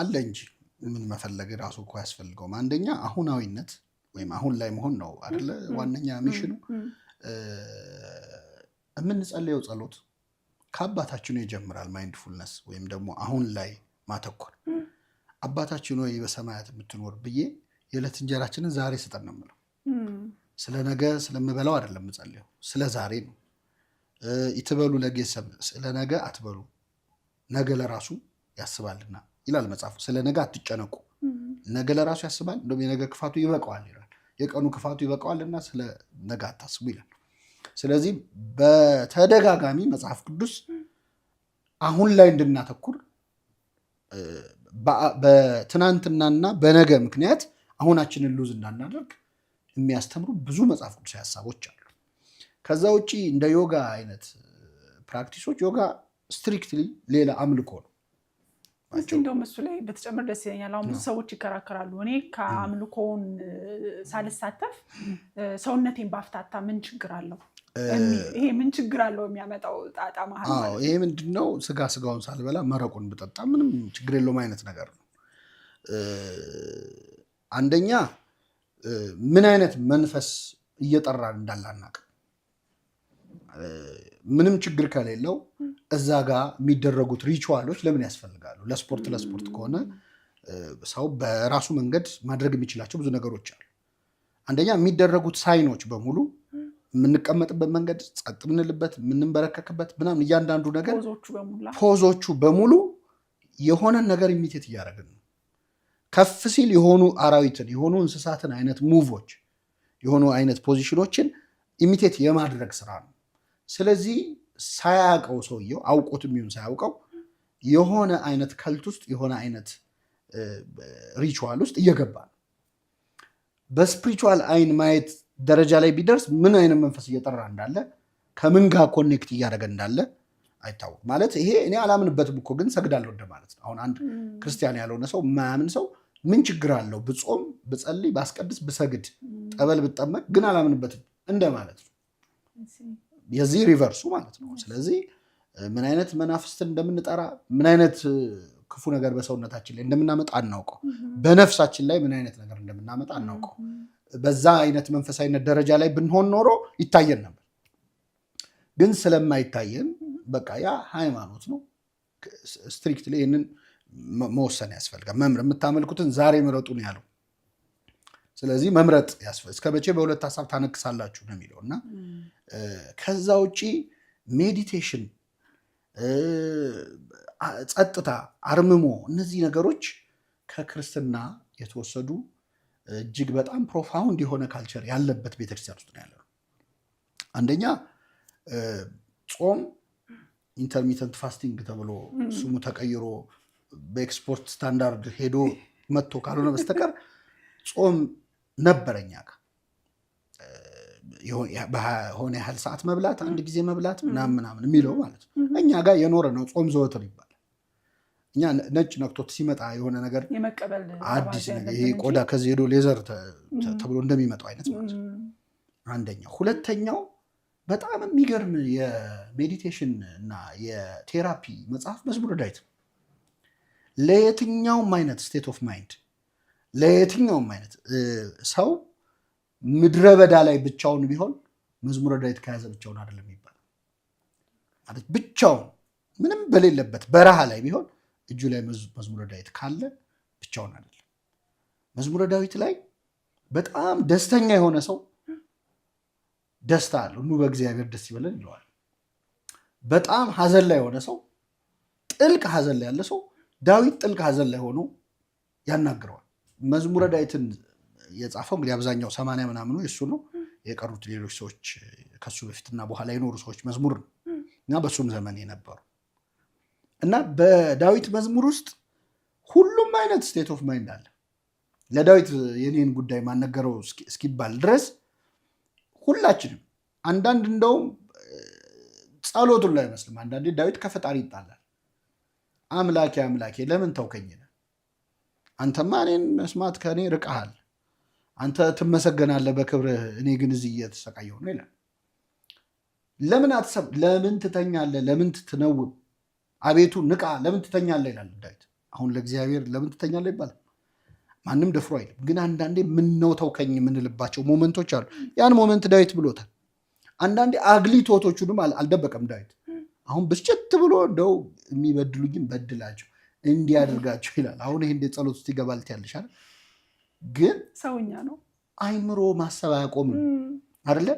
አለ እንጂ ምን መፈለግ ራሱ እኮ ያስፈልገውም። አንደኛ አሁናዊነት ወይም አሁን ላይ መሆን ነው አደለ ዋነኛ ሚሽኑ። የምንጸለየው ጸሎት ከአባታችን ይጀምራል። ማይንድፉልነስ ወይም ደግሞ አሁን ላይ ማተኮር አባታችን ወይ በሰማያት የምትኖር ብዬ የዕለት እንጀራችንን ዛሬ ስጠን ነው የምለው። ስለ ነገ ስለምበላው አይደለም የምጸልየው፣ ስለ ዛሬ ነው። ይትበሉ ለጌሰብ ስለ ነገ አትበሉ፣ ነገ ለራሱ ያስባልና ይላል መጽሐፉ። ስለ ነገ አትጨነቁ፣ ነገ ለራሱ ያስባል፣ እንደውም የነገ ክፋቱ ይበቃዋል ይላል። የቀኑ ክፋቱ ይበቃዋል እና ስለ ነገ አታስቡ ይላል። ስለዚህ በተደጋጋሚ መጽሐፍ ቅዱስ አሁን ላይ እንድናተኩር በትናንትናና በነገ ምክንያት አሁናችንን ሉዝ እንዳናደርግ የሚያስተምሩ ብዙ መጽሐፍ ቅዱስ ሀሳቦች አሉ። ከዛ ውጭ እንደ ዮጋ አይነት ፕራክቲሶች ዮጋ ስትሪክትሊ ሌላ አምልኮ ነው። እስኪ እንደውም እሱ ላይ በተጨምር ደስ ይለኛል። አሁን ብዙ ሰዎች ይከራከራሉ። እኔ ከአምልኮውን ሳልሳተፍ ሰውነቴን ባፍታታ ምን ችግር አለው? ይሄ ምን ችግር አለው? የሚያመጣው ጣጣ መሀል ይሄ ምንድን ነው? ስጋ ስጋውን ሳልበላ መረቁን ብጠጣ ምንም ችግር የለውም አይነት ነገር ነው። አንደኛ ምን አይነት መንፈስ እየጠራን እንዳላናቅም ምንም ችግር ከሌለው እዛ ጋ የሚደረጉት ሪቹዋሎች ለምን ያስፈልጋሉ? ለስፖርት ለስፖርት ከሆነ ሰው በራሱ መንገድ ማድረግ የሚችላቸው ብዙ ነገሮች አሉ። አንደኛ የሚደረጉት ሳይኖች በሙሉ የምንቀመጥበት መንገድ፣ ጸጥ ምንልበት የምንበረከክበት ምናምን እያንዳንዱ ነገር ፖዞቹ በሙሉ የሆነን ነገር ኢሚቴት እያደረግን ነው። ከፍ ሲል የሆኑ አራዊትን የሆኑ እንስሳትን አይነት ሙቮች የሆኑ አይነት ፖዚሽኖችን ኢሚቴት የማድረግ ስራ ነው። ስለዚህ ሳያውቀው ሰውየው አውቆት የሚሆን ሳያውቀው የሆነ አይነት ከልት ውስጥ የሆነ አይነት ሪቹዋል ውስጥ እየገባ ነው። በስፕሪቹዋል አይን ማየት ደረጃ ላይ ቢደርስ ምን አይነት መንፈስ እየጠራ እንዳለ ከምን ጋር ኮኔክት እያደረገ እንዳለ አይታወቅም። ማለት ይሄ እኔ አላምንበትም እኮ ግን ሰግዳለሁ እንደ ማለት ነው። አሁን አንድ ክርስቲያን ያልሆነ ሰው ማያምን ሰው ምን ችግር አለው ብጾም፣ ብጸልይ፣ ባስቀድስ፣ ብሰግድ፣ ጠበል ብጠመቅ ግን አላምንበትም እንደ ማለት ነው። የዚህ ሪቨርሱ ማለት ነው። ስለዚህ ምን አይነት መናፍስትን እንደምንጠራ ምን አይነት ክፉ ነገር በሰውነታችን ላይ እንደምናመጣ አናውቀው። mm-hmm. በነፍሳችን ላይ ምን አይነት ነገር እንደምናመጣ አናውቀው። mm-hmm. በዛ አይነት መንፈሳዊነት ደረጃ ላይ ብንሆን ኖሮ ይታየን ነበር። ግን ስለማይታየን mm-hmm. በቃ ያ ሃይማኖት ነው። ስትሪክትሊ ይህንን መወሰን ያስፈልጋል። መምህር የምታመልኩትን ዛሬ ምረጡ ነው ያለው። ስለዚህ መምረጥ ያስፈ እስከ መቼ በሁለት ሀሳብ ታነክሳላችሁ ነው የሚለው እና ከዛ ውጪ ሜዲቴሽን፣ ጸጥታ፣ አርምሞ እነዚህ ነገሮች ከክርስትና የተወሰዱ እጅግ በጣም ፕሮፋውንድ የሆነ ካልቸር ያለበት ቤተክርስቲያን ውስጥ ነው አንደኛ ጾም ኢንተርሚተንት ፋስቲንግ ተብሎ ስሙ ተቀይሮ በኤክስፖርት ስታንዳርድ ሄዶ መጥቶ ካልሆነ በስተቀር ጾም ነበረኛ ጋር በሆነ ያህል ሰዓት መብላት አንድ ጊዜ መብላት ምናምን ምናምን የሚለው ማለት ነው። እኛ ጋር የኖረ ነው። ጾም ዘወትር ይባላል። እኛ ነጭ ነክቶት ሲመጣ የሆነ ነገር አዲስ ነገር ይሄ ቆዳ ከዚህ ሄዶ ሌዘር ተብሎ እንደሚመጣው አይነት ማለት ነው። አንደኛው። ሁለተኛው በጣም የሚገርም የሜዲቴሽን እና የቴራፒ መጽሐፍ መዝሙረ ዳዊት ነው። ለየትኛውም አይነት ስቴት ኦፍ ማይንድ ለየትኛውም አይነት ሰው ምድረ በዳ ላይ ብቻውን ቢሆን መዝሙረ ዳዊት ከያዘ ብቻውን አይደለም ይባላል። ማለት ብቻውን ምንም በሌለበት በረሃ ላይ ቢሆን እጁ ላይ መዝሙረ ዳዊት ካለ ብቻውን አይደለም። መዝሙረ ዳዊት ላይ በጣም ደስተኛ የሆነ ሰው ደስታ አለው። ኑ በእግዚአብሔር ደስ ይበለን ይለዋል። በጣም ሐዘን ላይ የሆነ ሰው ጥልቅ ሐዘን ላይ ያለ ሰው ዳዊት ጥልቅ ሐዘን ላይ ሆኖ ያናግረዋል። መዝሙረ ዳዊትን የጻፈው እንግዲህ አብዛኛው ሰማንያ ምናምኑ የሱ ነው። የቀሩት ሌሎች ሰዎች ከሱ በፊትና በኋላ የኖሩ ሰዎች መዝሙር ነው እና በሱም ዘመን የነበሩ እና በዳዊት መዝሙር ውስጥ ሁሉም አይነት ስቴት ኦፍ ማይንድ አለ። ለዳዊት የኔን ጉዳይ ማነገረው እስኪባል ድረስ ሁላችንም አንዳንድ እንደውም ጸሎቱን ላይ አይመስልም። አንዳንዴ ዳዊት ከፈጣሪ ይጣላል። አምላኬ አምላኬ ለምን ተውከኝ አንተማ እኔን መስማት ከእኔ ርቀሃል፣ አንተ ትመሰገናለህ በክብርህ፣ እኔ ግን እዚህ እየተሰቃየሁ ነው ይላል። ለምን አትሰብ? ለምን ትተኛለህ? ለምን ትነውብ? አቤቱ ንቃ፣ ለምን ትተኛለህ? ይላል ዳዊት። አሁን ለእግዚአብሔር ለምን ትተኛለህ ይባላል። ማንም ደፍሮ አይልም። ግን አንዳንዴ ምነው ተውከኝ የምንልባቸው ሞመንቶች አሉ። ያን ሞመንት ዳዊት ብሎታል። አንዳንዴ አግሊ ቶቶቹንም አልደበቀም ዳዊት። አሁን ብስጭት ብሎ እንደው የሚበድሉኝም በድላቸው እንዲያደርጋቸው ይላል። አሁን ይህ እንደ ጸሎት ውስጥ ይገባል ትያለሻል። ግን ሰውኛ ነው፣ አይምሮ ማሰብ አያቆምም አይደለ?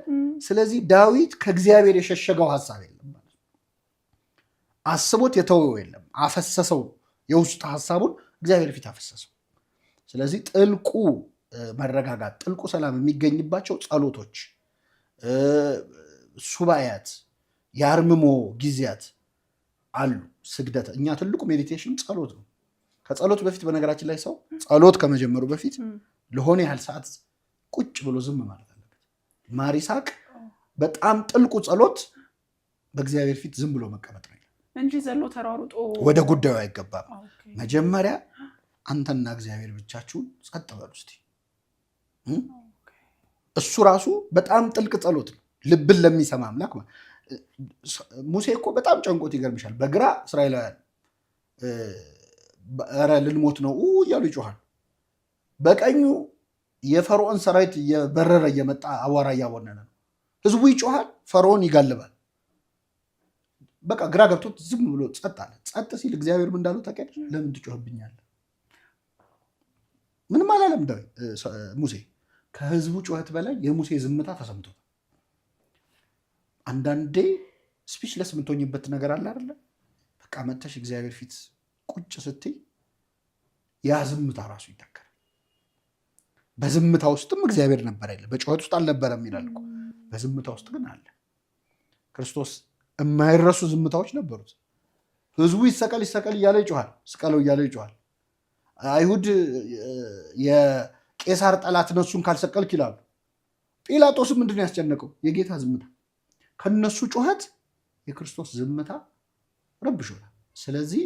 ስለዚህ ዳዊት ከእግዚአብሔር የሸሸገው ሀሳብ የለም ማለት አስቦት የተወው የለም፣ አፈሰሰው። የውስጥ ሀሳቡን እግዚአብሔር ፊት አፈሰሰው። ስለዚህ ጥልቁ መረጋጋት፣ ጥልቁ ሰላም የሚገኝባቸው ጸሎቶች፣ ሱባያት የአርምሞ ጊዜያት አሉ። ስግደት እኛ ትልቁ ሜዲቴሽን ጸሎት ነው። ከጸሎት በፊት በነገራችን ላይ ሰው ጸሎት ከመጀመሩ በፊት ለሆነ ያህል ሰዓት ቁጭ ብሎ ዝም ማለት አለበት። ማሪሳቅ በጣም ጥልቁ ጸሎት በእግዚአብሔር ፊት ዝም ብሎ መቀመጥ ነው እንጂ ዘሎ ተሯሩጦ ወደ ጉዳዩ አይገባም። መጀመሪያ አንተና እግዚአብሔር ብቻችሁን ጸጥ በሉ እስቲ። እሱ ራሱ በጣም ጥልቅ ጸሎት ነው፣ ልብን ለሚሰማ አምላክ ማለት ሙሴ እኮ በጣም ጨንቆት ይገርምሻል። በግራ እስራኤላውያን ኧረ ልልሞት ነው እያሉ ይጮሃል። በቀኙ የፈርዖን ሰራዊት እየበረረ እየመጣ አቧራ እያቦነነ ነው። ህዝቡ ይጮሃል፣ ፈርዖን ይጋልባል። በቃ ግራ ገብቶት ዝም ብሎ ጸጥ አለ። ጸጥ ሲል እግዚአብሔር ምን እንዳለው ታውቂያለሽ? ለምን ትጮህብኛለህ? ምንም አላለም ሙሴ። ከህዝቡ ጩኸት በላይ የሙሴ ዝምታ ተሰምቶታል። አንዳንዴ ስፒች ለስ የምትሆኝበት ነገር አለ አይደለ? በቃ መተሽ እግዚአብሔር ፊት ቁጭ ስትይ ያ ዝምታ ራሱ ይተከራል። በዝምታ ውስጥም እግዚአብሔር ነበር ያለ፣ በጩኸት ውስጥ አልነበረም ይላል እኮ። በዝምታ ውስጥ ግን አለ። ክርስቶስ የማይረሱ ዝምታዎች ነበሩት። ህዝቡ ይሰቀል ይሰቀል እያለ ይጮኋል፣ ስቀለው እያለ ይጮኋል። አይሁድ የቄሳር ጠላት ነሱን ካልሰቀልክ ይላሉ። ጲላጦስም ምንድን ነው ያስጨነቀው? የጌታ ዝምታ ከነሱ ጩኸት የክርስቶስ ዝምታ ረብሾናል። ስለዚህ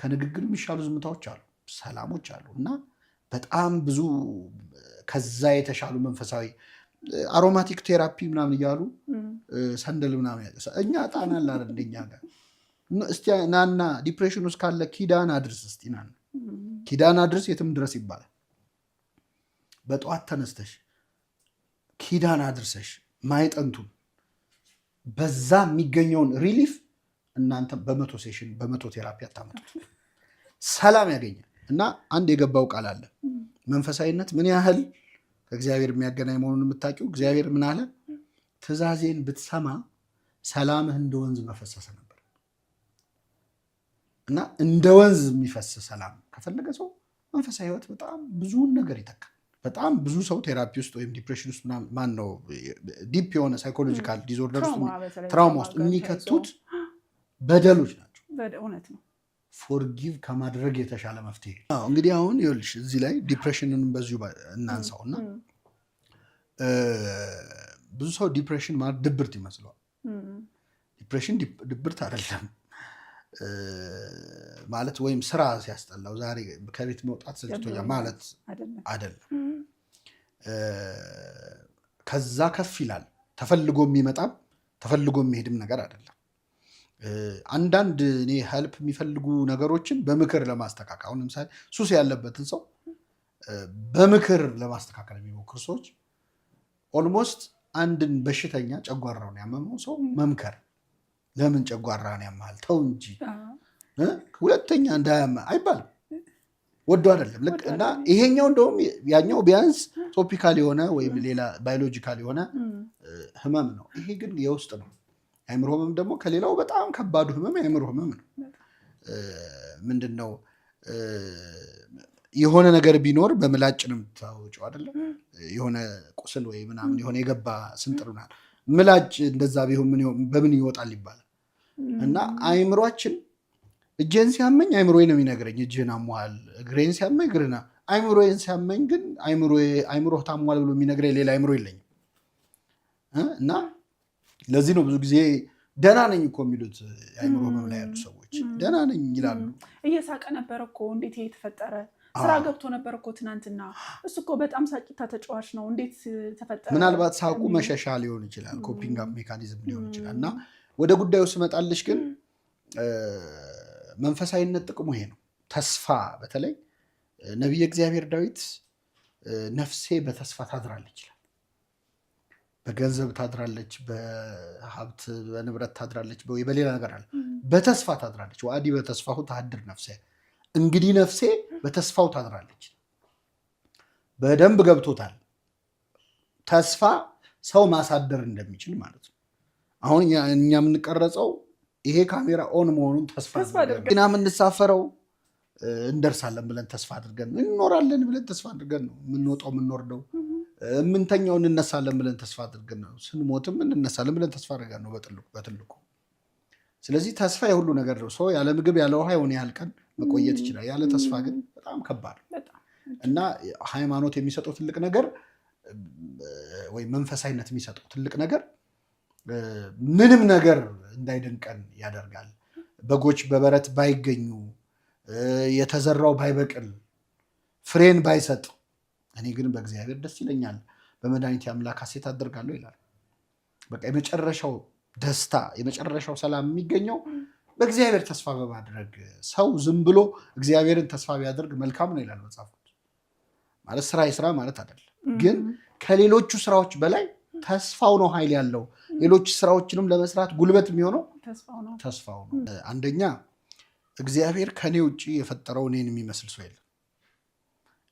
ከንግግር የሚሻሉ ዝምታዎች አሉ፣ ሰላሞች አሉ እና በጣም ብዙ ከዛ የተሻሉ መንፈሳዊ አሮማቲክ ቴራፒ ምናምን እያሉ ሰንደል ምናምን እኛ ጣና ላር እንደኛ ጋር እስቲ ናና ዲፕሬሽን ውስጥ ካለ ኪዳን አድርስ እስቲ ናና ኪዳን አድርስ የትም ድረስ ይባላል። በጠዋት ተነስተሽ ኪዳን አድርሰሽ ማይጠንቱን በዛ የሚገኘውን ሪሊፍ እናንተ በመቶ ሴሽን በመቶ ቴራፒ አታመጡት። ሰላም ያገኛል እና አንድ የገባው ቃል አለ። መንፈሳዊነት ምን ያህል ከእግዚአብሔር የሚያገናኝ መሆኑን የምታውቂው እግዚአብሔር ምን አለ? ትእዛዜን ብትሰማ ሰላምህ እንደ ወንዝ በፈሰሰ ነበር እና እንደ ወንዝ የሚፈስ ሰላም ከፈለገ ሰው መንፈሳዊ ህይወት በጣም ብዙውን ነገር ይተካል። በጣም ብዙ ሰው ቴራፒ ውስጥ ወይም ዲፕሬሽን ውስጥ ማን ነው ዲፕ የሆነ ሳይኮሎጂካል ዲዞርደር ውስጥ ትራውማ ውስጥ የሚከቱት በደሎች ናቸው። ፎርጊቭ ከማድረግ የተሻለ መፍትሄ እንግዲህ አሁን ይኸውልሽ እዚህ ላይ ዲፕሬሽንን በዚሁ እናንሳው እና ብዙ ሰው ዲፕሬሽን ማለት ድብርት ይመስለዋል። ዲፕሬሽን ድብርት አይደለም። ማለት ወይም ስራ ሲያስጠላው ዛሬ ከቤት መውጣት ሰልችቶኛል ማለት አይደለም። ከዛ ከፍ ይላል። ተፈልጎ የሚመጣም ተፈልጎ የሚሄድም ነገር አይደለም። አንዳንድ እኔ ሄልፕ የሚፈልጉ ነገሮችን በምክር ለማስተካከል አሁን ለምሳሌ ሱስ ያለበትን ሰው በምክር ለማስተካከል የሚሞክር ሰዎች ኦልሞስት አንድን በሽተኛ ጨጓራውን ያመመው ሰው መምከር ለምን ጨጓራን ያማል? ተው እንጂ ሁለተኛ እንዳያማ አይባልም። ወዶ አይደለም ልክ እና ይሄኛው እንደውም ያኛው ቢያንስ ቶፒካል የሆነ ወይም ሌላ ባዮሎጂካል የሆነ ህመም ነው። ይሄ ግን የውስጥ ነው። አይምሮ ህመም ደግሞ ከሌላው በጣም ከባዱ ህመም የአእምሮ ህመም ነው። ምንድን ነው የሆነ ነገር ቢኖር በምላጭ ነው የምታወጪው አይደለም። የሆነ ቁስል ወይ ምናምን የሆነ የገባ ስንጥር ምላጭ እንደዛ ቢሆን በምን ይወጣል ይባላል። እና አይምሯችን እጄን ሲያመኝ አይምሮ ነው የሚነግረኝ እጅህን አሟል፣ እግሬን ሲያመኝ እግርና አይምሮዬን ሲያመኝ ግን አይምሮ ታሟል ብሎ የሚነግረኝ ሌላ አይምሮ የለኝም። እና ለዚህ ነው ብዙ ጊዜ ደህና ነኝ እኮ የሚሉት አይምሮ ህመም ላይ ያሉ ሰዎች ደህና ነኝ ይላሉ። እየሳቀ ነበር እኮ እንዴት የተፈጠረ ስራ ገብቶ ነበር እኮ ትናንትና፣ እሱ እኮ በጣም ሳቂታ ተጫዋች ነው፣ እንዴት ተፈጠረ? ምናልባት ሳቁ መሸሻ ሊሆን ይችላል፣ ኮፒንግ ሜካኒዝም ሊሆን ይችላል እና ወደ ጉዳዩ ስመጣልሽ ግን መንፈሳዊነት ጥቅሙ ይሄ ነው። ተስፋ በተለይ ነቢየ እግዚአብሔር ዳዊት ነፍሴ በተስፋ ታድራለች ይላል። በገንዘብ ታድራለች፣ በሀብት በንብረት ታድራለች፣ በሌላ ነገር አለ በተስፋ ታድራለች። ዋዲ በተስፋሁ ታድር ነፍሴ፣ እንግዲህ ነፍሴ በተስፋው ታድራለች። በደንብ ገብቶታል። ተስፋ ሰው ማሳደር እንደሚችል ማለት ነው። አሁን እኛ የምንቀረጸው ይሄ ካሜራ ኦን መሆኑን ተስፋ ና የምንሳፈረው እንደርሳለን ብለን ተስፋ አድርገን እንኖራለን ብለን ተስፋ አድርገን ነው የምንወጣው የምንወርደው። የምንተኛው እንነሳለን ብለን ተስፋ አድርገን ነው። ስንሞትም እንነሳለን ብለን ተስፋ አድርገን ነው በትልቁ። ስለዚህ ተስፋ የሁሉ ነገር ነው። ሰው ያለ ምግብ ያለ ውሃ የሆነ ያህል ቀን መቆየት ይችላል። ያለ ተስፋ ግን በጣም ከባድ እና ሃይማኖት የሚሰጠው ትልቅ ነገር ወይ መንፈሳዊነት የሚሰጠው ትልቅ ነገር ምንም ነገር እንዳይደንቀን ያደርጋል። በጎች በበረት ባይገኙ የተዘራው ባይበቅል ፍሬን ባይሰጥ እኔ ግን በእግዚአብሔር ደስ ይለኛል፣ በመድኃኒት አምላክ ሐሴት አደርጋለሁ ይላል። በቃ የመጨረሻው ደስታ የመጨረሻው ሰላም የሚገኘው በእግዚአብሔር ተስፋ በማድረግ ሰው ዝም ብሎ እግዚአብሔርን ተስፋ ቢያደርግ መልካም ነው ይላል መጽሐፍ። ማለት ስራ የስራ ማለት አይደለም፣ ግን ከሌሎቹ ስራዎች በላይ ተስፋው ነው ኃይል ያለው። ሌሎች ስራዎችንም ለመስራት ጉልበት የሚሆነው ተስፋው ነው። አንደኛ እግዚአብሔር ከኔ ውጭ የፈጠረው እኔን የሚመስል ሰው የለም።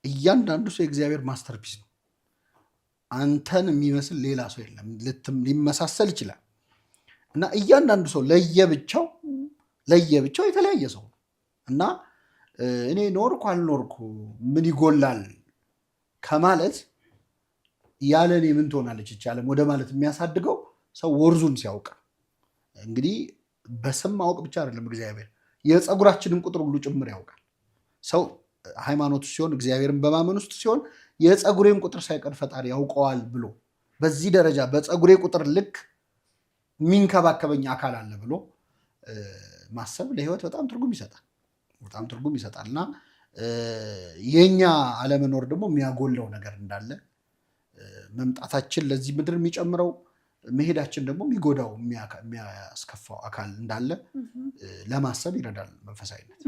እያንዳንዱ ሰው የእግዚአብሔር ማስተርፒስ ነው። አንተን የሚመስል ሌላ ሰው የለም። ሊመሳሰል ይችላል እና እያንዳንዱ ሰው ለየብቻው ለየብቻው የተለያየ ሰው ነው እና እኔ ኖርኩ አልኖርኩ ምን ይጎላል ከማለት ያለ እኔ ምን ትሆናለች ይቻለም ወደ ማለት የሚያሳድገው ሰው ወርዙን ሲያውቅ እንግዲህ በስም ማወቅ ብቻ አይደለም እግዚአብሔር የፀጉራችንን ቁጥር ሁሉ ጭምር ያውቃል። ሰው ሃይማኖት ሲሆን እግዚአብሔርን በማመን ውስጥ ሲሆን የፀጉሬን ቁጥር ሳይቀር ፈጣሪ ያውቀዋል ብሎ በዚህ ደረጃ በፀጉሬ ቁጥር ልክ የሚንከባከበኝ አካል አለ ብሎ ማሰብ ለህይወት በጣም ትርጉም ይሰጣል። በጣም ትርጉም ይሰጣል እና የእኛ አለመኖር ደግሞ የሚያጎለው ነገር እንዳለ መምጣታችን ለዚህ ምድር የሚጨምረው መሄዳችን ደግሞ የሚጎዳው የሚያስከፋው አካል እንዳለ ለማሰብ ይረዳል መንፈሳዊነት።